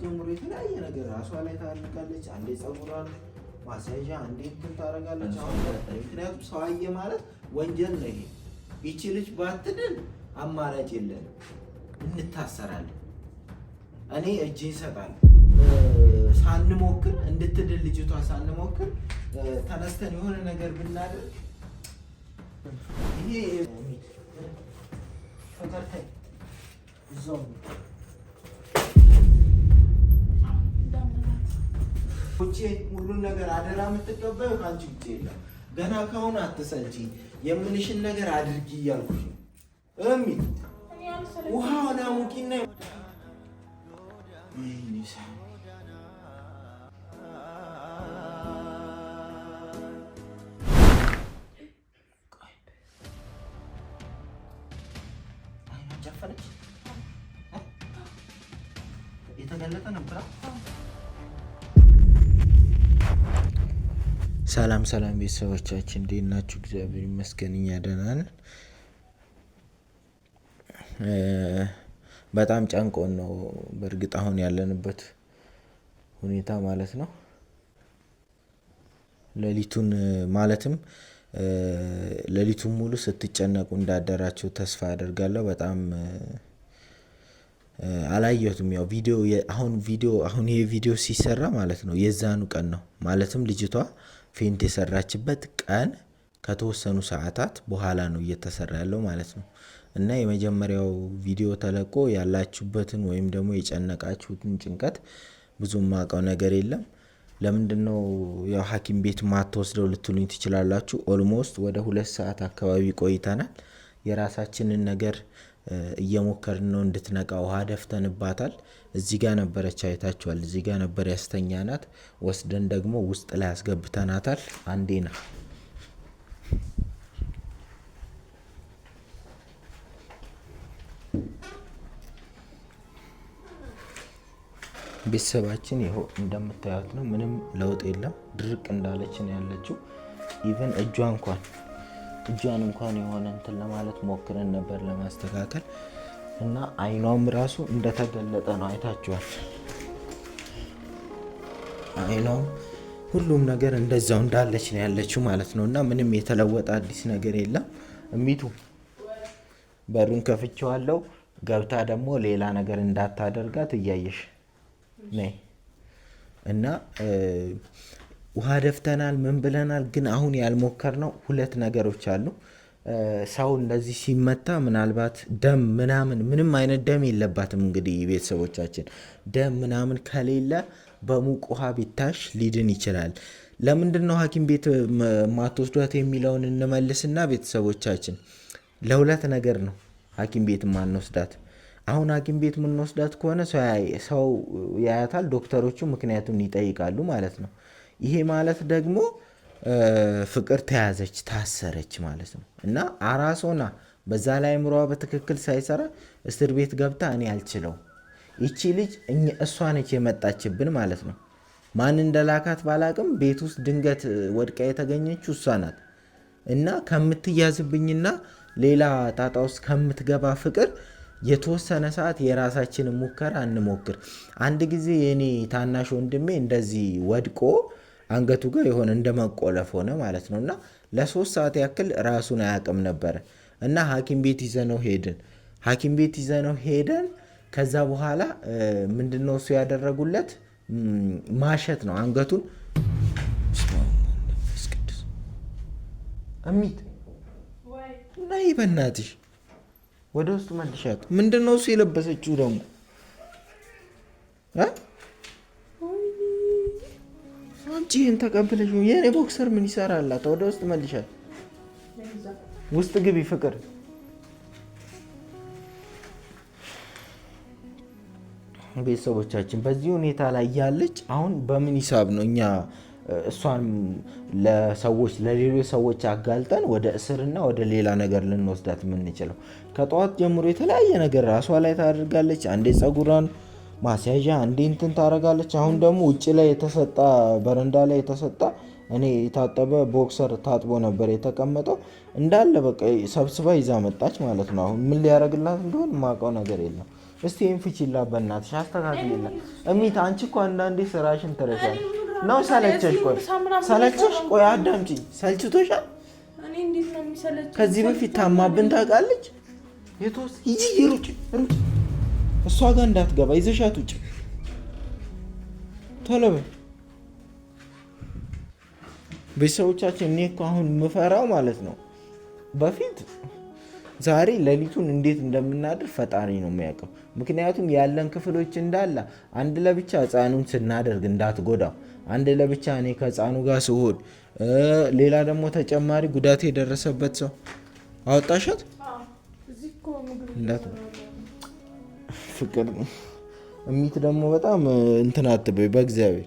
ጀምሮ የተለያየ ነገር ራሷ ላይ ታደርጋለች። አንዴ ፀጉሯን ማስያዣ፣ አንዴ እንትን ታደርጋለች። አሁን ምክንያቱም ሰው አየ ማለት ወንጀል ነው። ይሄ ይቺ ልጅ ባትድን አማራጭ የለን እንታሰራለን። እኔ እጅ ይሰጣል ሳንሞክር እንድትድን ልጅቷ ሳንሞክር ተነስተን የሆነ ነገር ብናደርግ ይሄ ውጭ ሁሉን ነገር አደራ የምትቀበዩ ከአንቺ ውጭ የለም። ገና ከሆነ አትሰልቺ፣ የምልሽን ነገር አድርጊ እያልኩሽ ነው። እሚል ውሃ ሆና ሙቂና የተገለጠ ነበር። ሰላም ሰላም ቤተሰቦቻችን እንዴት ናችሁ? እግዚአብሔር ይመስገን እኛ ደህና ነን። በጣም ጨንቆን ነው በእርግጥ አሁን ያለንበት ሁኔታ ማለት ነው። ሌሊቱን ማለትም ሌሊቱን ሙሉ ስትጨነቁ እንዳደራችሁ ተስፋ አደርጋለሁ። በጣም አላየሁትም። ያው ቪዲዮ አሁን ቪዲዮ አሁን ይሄ ቪዲዮ ሲሰራ ማለት ነው የዛኑ ቀን ነው ማለትም ልጅቷ ፌንት የሰራችበት ቀን ከተወሰኑ ሰዓታት በኋላ ነው እየተሰራ ያለው ማለት ነው። እና የመጀመሪያው ቪዲዮ ተለቆ ያላችሁበትን ወይም ደግሞ የጨነቃችሁትን ጭንቀት ብዙ ማውቀው ነገር የለም። ለምንድን ነው ያው ሐኪም ቤት ማትወስደው ልትሉኝ ትችላላችሁ። ኦልሞስት ወደ ሁለት ሰዓት አካባቢ ቆይተናል። የራሳችንን ነገር እየሞከርን ነው እንድትነቃ ውሃ ደፍተንባታል። እዚህ ጋር ነበረች አይታችኋል። እዚህ ጋር ነበር ያስተኛናት። ወስደን ደግሞ ውስጥ ላይ አስገብተናታል። ና ቤተሰባችን ይኸው እንደምታዩት ነው። ምንም ለውጥ የለም። ድርቅ እንዳለች ነው ያለችው። ኢቨን እጇ እንኳን እጇን እንኳን የሆነ እንትን ለማለት ሞክረን ነበር ለማስተካከል እና አይኗም ራሱ እንደተገለጠ ነው። አይታችኋል። አይኗም ሁሉም ነገር እንደዛው እንዳለች ነው ያለችው ማለት ነው። እና ምንም የተለወጠ አዲስ ነገር የለም። እሚቱ በሩን ከፍቼዋለሁ። ገብታ ደግሞ ሌላ ነገር እንዳታደርጋት እያየሽ እና ውሃ ደፍተናል፣ ምን ብለናል። ግን አሁን ያልሞከርነው ሁለት ነገሮች አሉ። ሰው እንደዚህ ሲመታ ምናልባት ደም ምናምን ምንም አይነት ደም የለባትም። እንግዲህ ቤተሰቦቻችን ደም ምናምን ከሌለ በሙቅ ውሃ ቢታሽ ሊድን ይችላል። ለምንድን ነው ሐኪም ቤት ማትወስዷት የሚለውን እንመልስና ቤተሰቦቻችን ለሁለት ነገር ነው ሐኪም ቤት ማንወስዳት። አሁን ሐኪም ቤት ምንወስዳት ከሆነ ሰው ያያታል፣ ዶክተሮቹ ምክንያቱን ይጠይቃሉ ማለት ነው። ይሄ ማለት ደግሞ ፍቅር ተያዘች፣ ታሰረች ማለት ነው እና አራሶና በዛ ላይ አእምሯ በትክክል ሳይሰራ እስር ቤት ገብታ እኔ አልችለው። ይቺ ልጅ እሷ ነች የመጣችብን ማለት ነው። ማን እንደላካት ባላቅም ቤት ውስጥ ድንገት ወድቃ የተገኘችው እሷ ናት እና ከምትያዝብኝና ሌላ ጣጣ ውስጥ ከምትገባ ፍቅር የተወሰነ ሰዓት የራሳችንን ሙከራ እንሞክር። አንድ ጊዜ የኔ ታናሽ ወንድሜ እንደዚህ ወድቆ አንገቱ ጋር የሆነ እንደመቆለፍ ሆነ ማለት ነው። እና ለሶስት ሰዓት ያክል ራሱን አያውቅም ነበረ እና ሐኪም ቤት ይዘነው ሄድን። ሐኪም ቤት ይዘነው ሄደን ከዛ በኋላ ምንድነው እሱ ያደረጉለት ማሸት ነው አንገቱን እሚት ናይ በናትሽ ወደ ውስጥ መልሻት። ምንድነው እሱ የለበሰችው ደግሞ አንቺ ይህን ተቀብለሽ የኔ ቦክሰር ምን ይሰራላት? ወደ ውስጥ መልሻል። ውስጥ ግቢ ፍቅር። ቤተሰቦቻችን በዚህ ሁኔታ ላይ ያለች አሁን በምን ሂሳብ ነው እኛ እሷን ለሰዎች ለሌሎች ሰዎች አጋልጠን ወደ እስርና ወደ ሌላ ነገር ልንወስዳት የምንችለው? ከጠዋት ጀምሮ የተለያየ ነገር ራሷ ላይ ታደርጋለች። አንዴ ፀጉሯን ማስያዣ እንዴ እንትን ታደርጋለች። አሁን ደግሞ ውጭ ላይ የተሰጣ በረንዳ ላይ የተሰጣ እኔ የታጠበ ቦክሰር ታጥቦ ነበር የተቀመጠው እንዳለ በቃ ሰብስባ ይዛ መጣች ማለት ነው። አሁን ምን ሊያደርግላት እንደሆን የማውቀው ነገር የለም። እስቲ ይህን ፍቺላ በእናትሽ አስተካክልላ። እሚት አንቺ እኮ አንዳንዴ ስራሽን ትረሻል ነው። ሰለቸሽ? ቆይ ሰለቸሽ? ቆይ አዳምጪኝ። ሰልችቶሻል? ከዚህ በፊት ታማብን ታውቃለች። የቶስ ይጂ ሩጭ ሩጭ እሷ ጋር እንዳትገባ ይዘሻት ውጭ ተለበ ቤተሰቦቻችን። እኔ እኮ አሁን የምፈራው ማለት ነው በፊት ዛሬ ሌሊቱን እንዴት እንደምናድር ፈጣሪ ነው የሚያውቀው። ምክንያቱም ያለን ክፍሎች እንዳለ አንድ ለብቻ ህፃኑን ስናደርግ እንዳትጎዳው፣ አንድ ለብቻ እኔ ከህፃኑ ጋር ስሆን፣ ሌላ ደግሞ ተጨማሪ ጉዳት የደረሰበት ሰው አወጣሻት ፍቅር እሚት ደግሞ በጣም እንትን አትበይ በእግዚአብሔር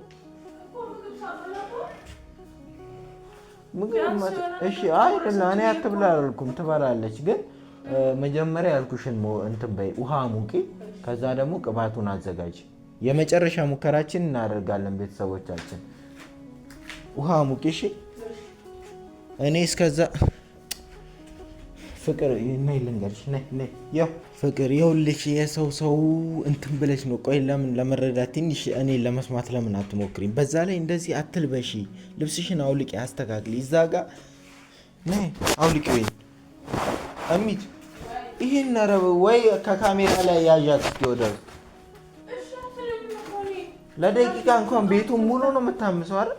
እሺ። አይ እኔ አትብላ አልኩም፣ ትበላለች። ግን መጀመሪያ ያልኩሽን እንትን በይ፣ ውሃ ሙቂ፣ ከዛ ደግሞ ቅባቱን አዘጋጅ። የመጨረሻ ሙከራችን እናደርጋለን። ቤተሰቦቻችን ውሃ ሙቂ፣ እሺ። እኔ እስከዛ ፍቅር ነይ ልንገርሽ፣ ነይ ያው ፍቅር ይኸውልሽ፣ የሰው ሰው እንትን ብለሽ ነው። ቆይ ለምን ለመረዳት ትንሽ እኔ ለመስማት ለምን አትሞክሪም? በዛ ላይ እንደዚህ አትልበሺ። ልብስሽን አውልቂ፣ አስተካክሊ። እዛ ጋ ነይ አውልቂ። ወይ እሚት ይህን ረብ ወይ ከካሜራ ላይ ያዣት እስኪወደር ለደቂቃ እንኳን ቤቱ ሙሉ ነው የምታምሰው። አረ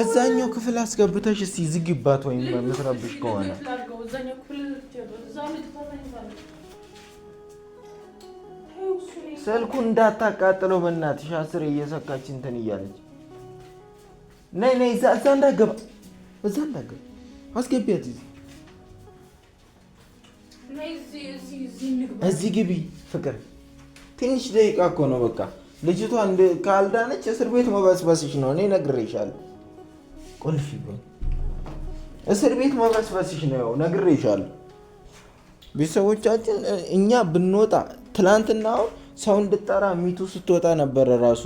እዛኛው ክፍል አስገብተሽ እስኪ ዝግባት ወይም የምትረብሽ ከሆነ ስልኩ እንዳታቃጥለው በእናትሽ። አስሬ እየሰካች እንትን እያለች ነይ ነይ፣ እዛ እንዳገባ እዛ እንዳገባ አስገቢያት። እዚህ ግቢ ፍቅር፣ ትንሽ ደቂቃ እኮ ነው በቃ። ልጅቷ ካልዳነች እስር ቤት መበስበስሽ ነው። እኔ ነግሬሻለሁ። ቆልፍ እስር ቤት መበስበስሽ ነው ነግሬሻለሁ። ቤተሰቦቻችን እኛ ብንወጣ ትላንትና አሁን ሰው እንድጠራ ሚቱ ስትወጣ ነበረ ራሱ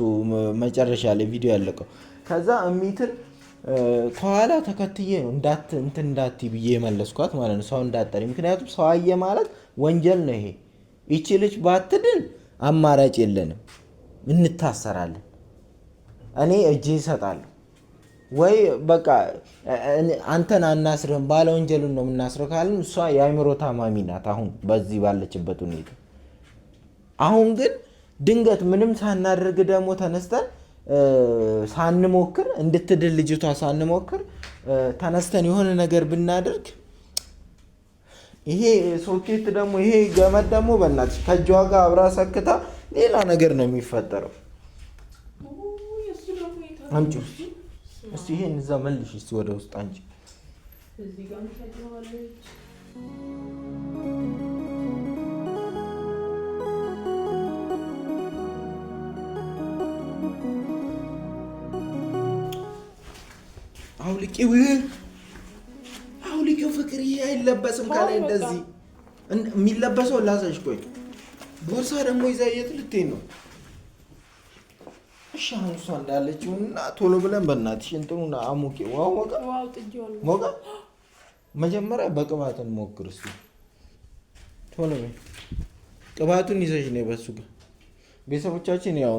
መጨረሻ ላይ ቪዲዮ ያለቀው። ከዛ ሚትን ከኋላ ተከትዬ ነው እንዳት እንትን እንዳት ብዬ የመለስኳት ማለት ነው ሰው እንዳጠሪ። ምክንያቱም ሰው አየ ማለት ወንጀል ነው። ይሄ ይቺ ልጅ ባትድን አማራጭ የለንም፣ እንታሰራለን። እኔ እጄ ይሰጣለሁ ወይ በቃ አንተን አናስርህም ባለ ወንጀሉን ነው የምናስረው ካልን እሷ የአይምሮ ታማሚ ናት፣ አሁን በዚህ ባለችበት ሁኔታ። አሁን ግን ድንገት ምንም ሳናደርግ ደግሞ ተነስተን ሳንሞክር እንድትድል ልጅቷ ሳንሞክር ተነስተን የሆነ ነገር ብናደርግ ይሄ ሶኬት ደግሞ ይሄ ገመድ ደግሞ በእናትሽ ከእጇ ጋር አብራ ሰክታ ሌላ ነገር ነው የሚፈጠረው። እስቲ ይሄን እዛ መልሽ እስቲ ወደ ውስጥ አንቺ አውልቂው አውልቂው ፍቅር ይሄ አይለበስም ካለ እንደዚህ የሚለበሰው ላሳሽ ቆይ ቦርሳ ደግሞ ይዛ የት ልትሄድ ነው እሺ አሁን እሷ እንዳለችው እና ቶሎ ብለን በእናትሽ እንትኑን አሞቄ ዋው ሞቀ ሞቀ። መጀመሪያ በቅባት እንሞክር። እሱ ቶሎ ቅባቱን ይዘሽ ነው በሱ ጋር ቤተሰቦቻችን ያው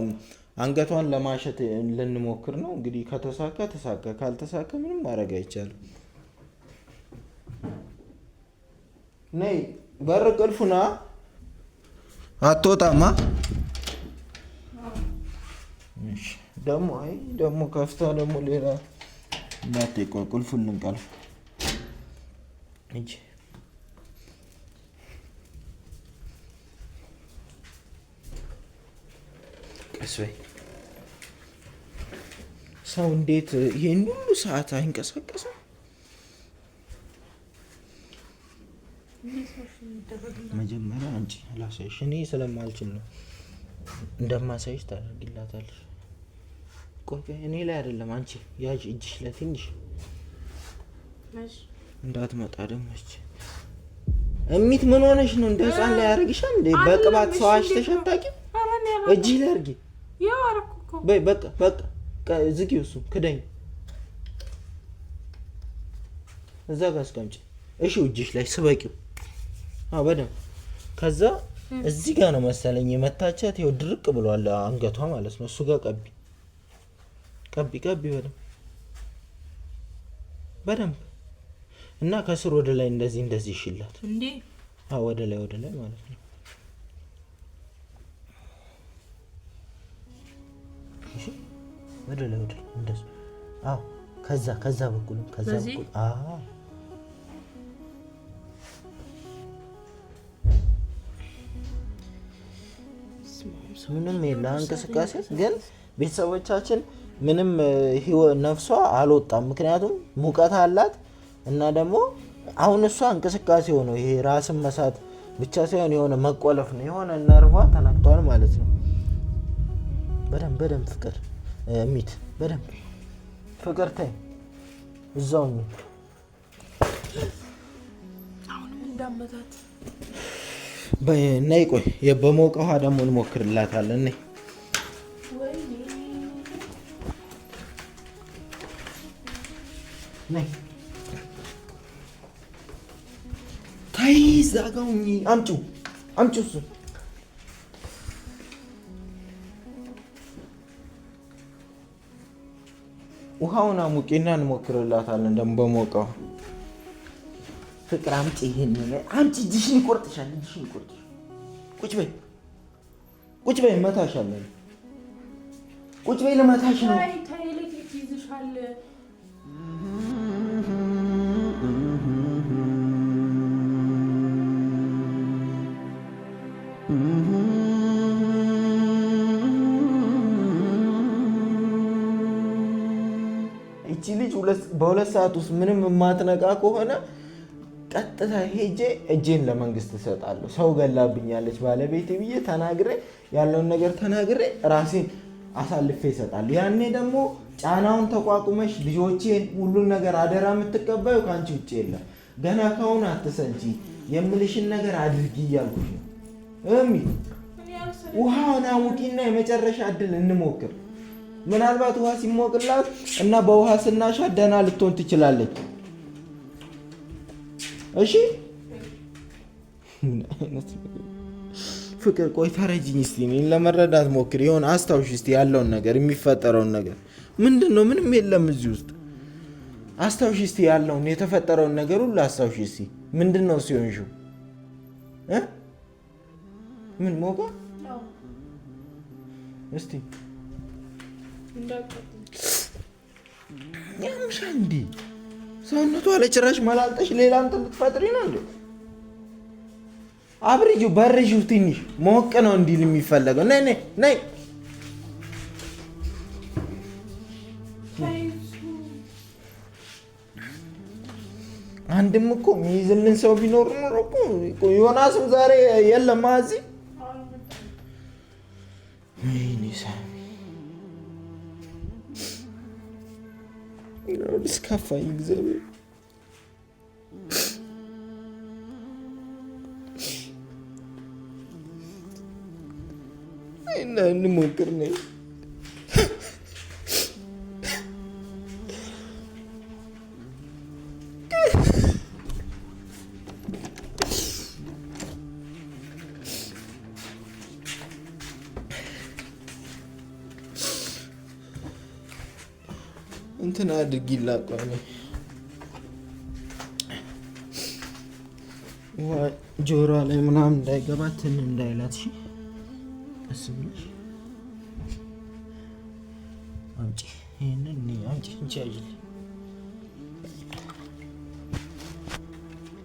አንገቷን ለማሸት ልንሞክር ነው እንግዲህ። ከተሳካ ተሳካ፣ ካልተሳካ ምንም ማድረግ አይቻልም። ነይ በር ቅልፉና አትወጣማ ደግሞ አይ ደግሞ ከፍታ ደግሞ ሌላ እናቴ ቆይ ቁልፉን ልንቀልፍ እንጂ ቀስ በይ። ሰው እንዴት ይህን ሁሉ ሰዓት አይንቀሳቀስም? መጀመሪያ አንቺ ላሳይሽ። እኔ ስለማልችል ነው እንደማሳይሽ ታደርግላታለሽ ቆንጆ እኔ ላይ አይደለም፣ አንቺ ያዥ እጅሽ ላይ ትንሽ እንዳትመጣ ደሞች እሚት ምን ሆነሽ ነው? እንደ ህፃን ላይ ያደርግሻል እንዴ? በቅባት ሰዋሽ ተሸታቂ እጅሽ ላይ አድርጊ። በይ በቃ በቃ ዝጊው። እሱ ክደኝ እዛ ጋር አስቀምጪ። እሺ እጅሽ ላይ ስበቂው። አዎ ከዛ እዚህ ጋር ነው መሰለኝ የመታቻት። ይኸው ድርቅ ብሏል አንገቷ ማለት ነው። እሱ ጋር ቀቢ ቀቢ ቀቢ በደንብ በደንብ እና ከስር ወደ ላይ እንደዚህ እንደዚህ ይሽላት እንዴ! አዎ ወደ ላይ ወደ ላይ ማለት ነው። እሺ ወደ ላይ ወደ ላይ እንደዚህ። አዎ ከዛ ከዛ በኩልም ከዛ በኩል አዎ ምንም የለ እንቅስቃሴ ግን ቤተሰቦቻችን ምንም ነፍሷ አልወጣም። ምክንያቱም ሙቀት አላት እና ደግሞ አሁን እሷ እንቅስቃሴ ሆነ ይሄ ራስን መሳት ብቻ ሳይሆን የሆነ መቆለፍ ነው። የሆነ ነርቫ ተናግቷል ማለት ነው። በደንብ በደንብ ፍቅር ሚት በደንብ ፍቅር ታይ እዛው በይ፣ ነይ ቆይ፣ በሞቀ ውሃ ደግሞ እንሞክርላታለን። ታይ ዛጋውኝ አምጪው አምጪው እሱ ውሃውን አሙቂና እንሞክርላታለን። ደግሞ በሞቀው ፍቅር አምጪ፣ ይሄን አምጪ። እጅሽን ይቆርጥሻል፣ እጅሽን ይቆርጥሻል። ቁጭ በይ፣ ቁጭ በይ፣ እመታሻለን። ቁጭ በይ፣ ልመታሽ ነው በሁለት ሰዓት ውስጥ ምንም የማትነቃ ከሆነ ቀጥታ ሄጄ እጄን ለመንግስት እሰጣለሁ። ሰው ገላብኛለች ባለቤት ብዬ ተናግሬ ያለውን ነገር ተናግሬ ራሴን አሳልፌ እሰጣለሁ። ያኔ ደግሞ ጫናውን ተቋቁመሽ ልጆቼን ሁሉን ነገር አደራ የምትቀባዩ ከአንቺ ውጭ የለም። ገና ከአሁን አትሰንቺ፣ የምልሽን ነገር አድርጊ እያልኩሽ ነው። እሚ ውሃውን አሙቂና የመጨረሻ እድል እንሞክር። ምናልባት ውሃ ሲሞቅላት እና በውሃ ስናሻት ደህና ልትሆን ትችላለች። እሺ ፍቅር፣ ቆይ ተረጅኝ እስኪ እኔን ለመረዳት ሞክር። የሆነ አስታውሽ እስኪ ያለውን ነገር የሚፈጠረውን ነገር ምንድን ነው? ምንም የለም እዚህ ውስጥ አስታውሽ እስኪ ያለውን የተፈጠረውን ነገር ሁሉ አስታውሽ እስኪ። ምንድን ነው ሲሆንሽው? ምን ሞቀ እስቲ ያምሻ እንዴ ሰውነቷ ለጭራሽ መላልጠሽ ሌላ እንትን ብትፈጥሪ ነው እንዴ? አብርጁ በርሺው ትንሽ ሞቅ ነው እንዲል የሚፈለገው። ነይ ነይ ነይ አንድም እኮ የሚይዝልን ሰው ቢኖር ኖሮ እኮ ዮናስም ዛሬ የለም። አዚ ወይኔ እስከፋኝ እግዚአብሔር እና እንሞክር ነው አድርጊላት ጆሮ ላይ ምናምን እንዳይገባት ትን እንዳይላት እስብሽ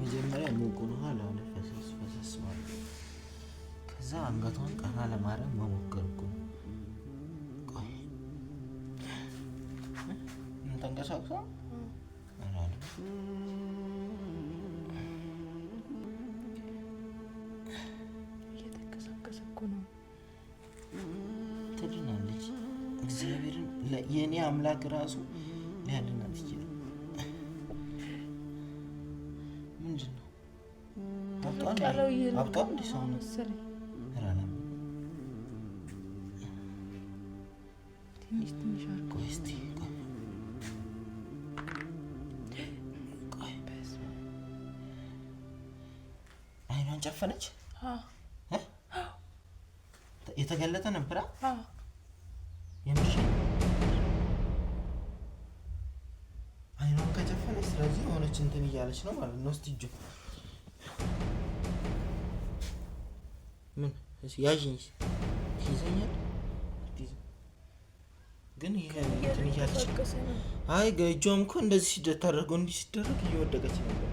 መጀመሪያ ከዛ አንገቷን ቀና ለማድረግ መሞከር ተንቀሳቅሳ እየተንቀሳቀሰ ትድናለች። እግዚአብሔርን የእኔ አምላክ ራሱ ሊያድናት ይችላል። ምንድን ነው ተሸፈነች? የተገለጠ ነበራ? የምርሽን አይኗን ከጨፈነች፣ ስለዚህ የሆነች እንትን እያለች ነው ማለት ነው። ስትጆ ምን ያዥኝ ይዘኛል ግን ይሄ እንትን እያለች አይ እጇም እኮ እንደዚህ ሲደረገው እንዲህ ሲደረግ እየወደቀች ነበር።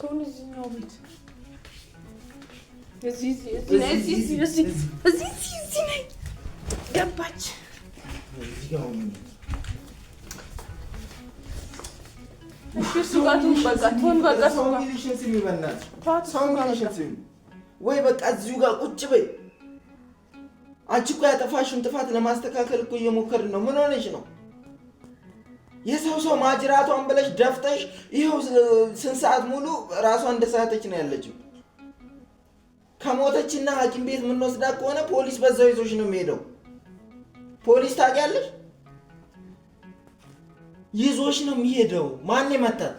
ከሆነ እዚህኛው ቤት ገባች። ወይ በቃ እዚሁ ጋር ቁጭ በይ። አንቺ እኮ ያጠፋሽን ጥፋት ለማስተካከል እኮ እየሞከርን ነው። ምን ሆነሽ ነው? የሰው ሰው ማጅራቷን ብለሽ ደፍተሽ ይኸው ስንት ሰዓት ሙሉ ራሷን እንደሳተች ነው ያለችው። ከሞተችና ሐኪም ቤት የምንወስዳት ከሆነ ፖሊስ በዛው ይዞች ነው የሚሄደው። ፖሊስ ታውቂያለሽ፣ ይዞች ነው የሚሄደው። ማን መታት?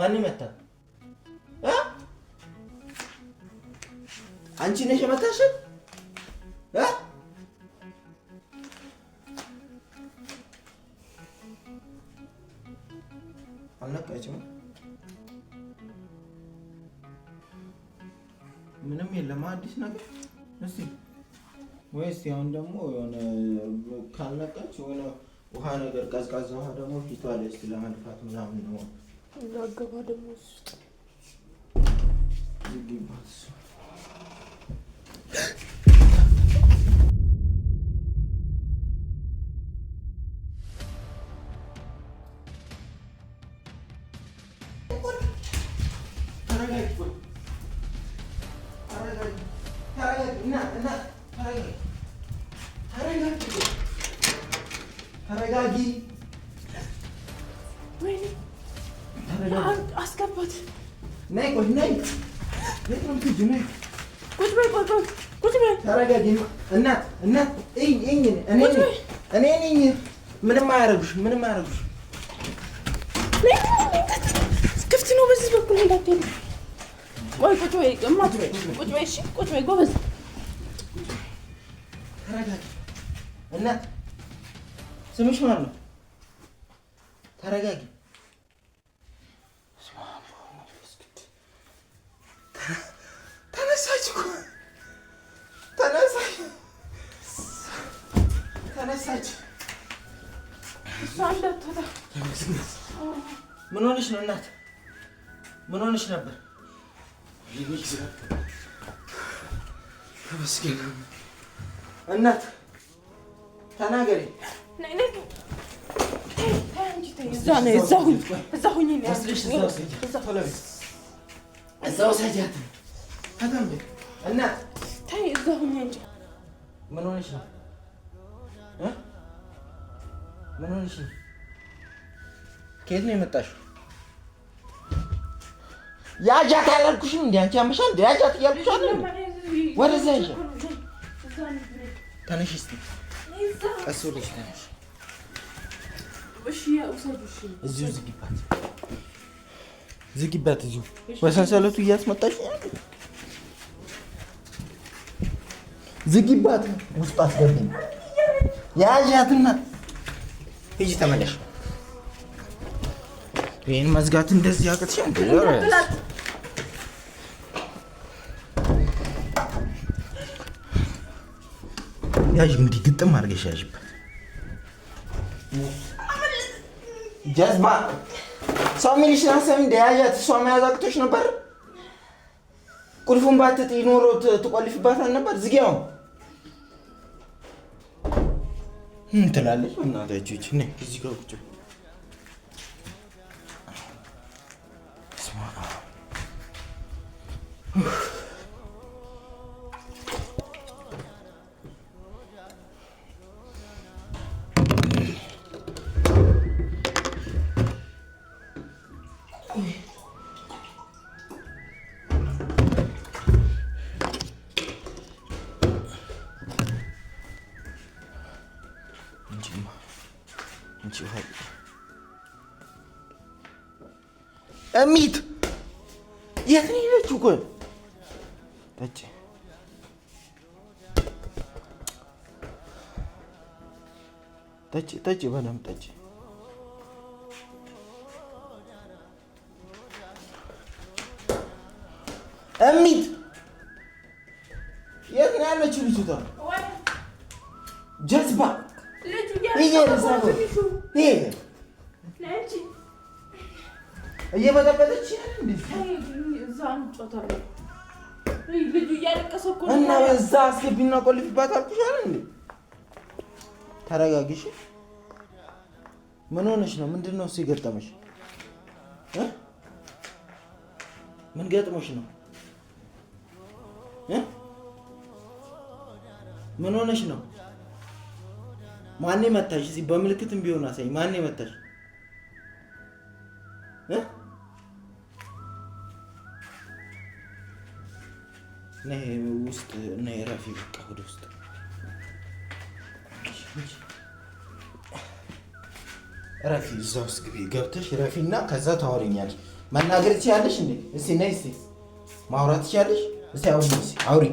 ማን መታት? አንቺ ነሽ የመታሽን? አልነቃችም። ምንም የለም አዲስ ነገር እስቲ ወይስ አሁን ደግሞ የሆነ ካልነቃች የሆነ ውሃ ነገር ቀዝቃዛ ውሃ ደግሞ ፊቷ ላይ እስቲ ለመድፋት ምናምን ነው እናገባ ደግሞ እሱ እኔ ነኝ። ምንም አያረጉሽ፣ ምንም ክፍት ነው በዚህ በኩል እንዳትሄዱ። ቆይ ቁጭ በይ፣ እማት ቁጭ በይ፣ እሺ ቁጭ በይ። ጎበዝ ተረጋጊ። እናት ስምሽ ማን ነው? ተረጋጊ ተነሳች። እሷ እንዳትወጣ። ምን ሆነሽ ነው እናት? ምን ሆነሽ ነበር? እናት ተናገሪ። እዛው ሰጃት እናት ምን ሆነሽ ነው? ምን ሆነሽ? ከየት ነው የመጣሽው? ያጃት አላልኩሽም? እንደ አንቺ ያመሻል። እንደ ያጃት እያልኩሽ አለ። ወደዚያ ይዤ ተነሽ። እስኪ ቀስ ብለሽ ተነሽ። እዚሁ ዝጊባት፣ ዝጊባት። እዚሁ በሰንሰለቱ እያስመጣሽ ዝጊባት። ውስጥ አስገቢኝ ያዣትና ሂጂ ተመለሽ። ይህን መዝጋት እንደዚህ ያቅትሽ። ያዥ እንግዲህ ግጥም አድርገሽ ያዥበት። ጀዝባ ሰው የሚልሽን ሀሳብ እንደ ያዣት እሷ መያዝ አቅቶሽ ነበር። ቁልፉን ባትጥይ ኖሮ ትቆልፍባታል ነበር ዝጊያውን ትላለች። እናታችሁ ይችን እዚህ ጋር እሚት የት ነው የሄደችው? ቆይ ጠጪ ጠጪ፣ በደምብ ጠጪ። እሚት የት ነው ያለችው ልጅቷ? ጀዝባ እየበጠበጠች እና በዛ አስገቢና ቆልፊባት አልኩሽ አይደል እንዴ? ተረጋጊሽ። ምን ሆነሽ ነው? ምንድን ነው እሱ የገጠመሽ? ምን ገጥሞሽ ነው? ምን ሆነሽ ነው? ማን መታሽ? እዚህ በምልክትም ቢሆን አሳይ። ማን መታሽ? ውስጥ እና የራፊ በቃ ወደ ውስጥ ረፊ እዛ ውስጥ ግቢ ገብተሽ ረፊ እና ከዛ ታወሪኛለሽ። መናገር ትችያለሽ እንዴ? እስቲ ነይ፣ እስቲ ማውራት ትችያለሽ? እስቲ አውሪ፣ እስቲ አውሪ።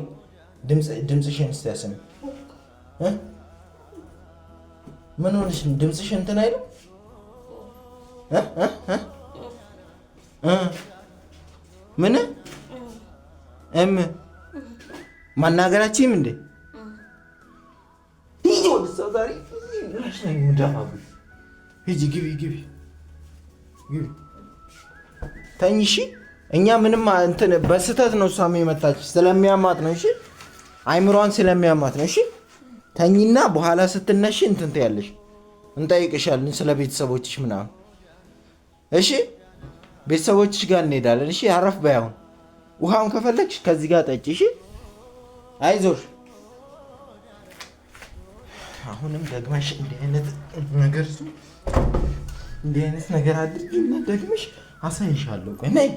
ድምፅሽን እስቲ ያሰሚ። ምን ሆነሽ ነው? ድምፅሽ እንትን አይደል? ምን እም ማናገራችሁም እንዴ? ሂጂ ግቢ ግቢ ግቢ ተኝ። እሺ እኛ ምንም እንትን በስተት ነው እሷም የመጣች ስለሚያማት ነው። እሺ አይምሯን ስለሚያማት ነው። እሺ ተኝና በኋላ ስትነሽ እንትን ትያለሽ፣ እንጠይቅሻለን ስለ ቤተሰቦችሽ ምናምን። እሺ ቤተሰቦችሽ ጋር እንሄዳለን። እሺ አረፍ በይ አሁን። ውሃም ከፈለግሽ ከዚህ ጋር ጠጪ። እሺ አይዞሽ። አሁንም ደግመሽ እንዲህ አይነት ነገር እሱ እንዲህ አይነት ነገር አድርጊና ደግመሽ አሳይሻለሁ። ቆይ ነይ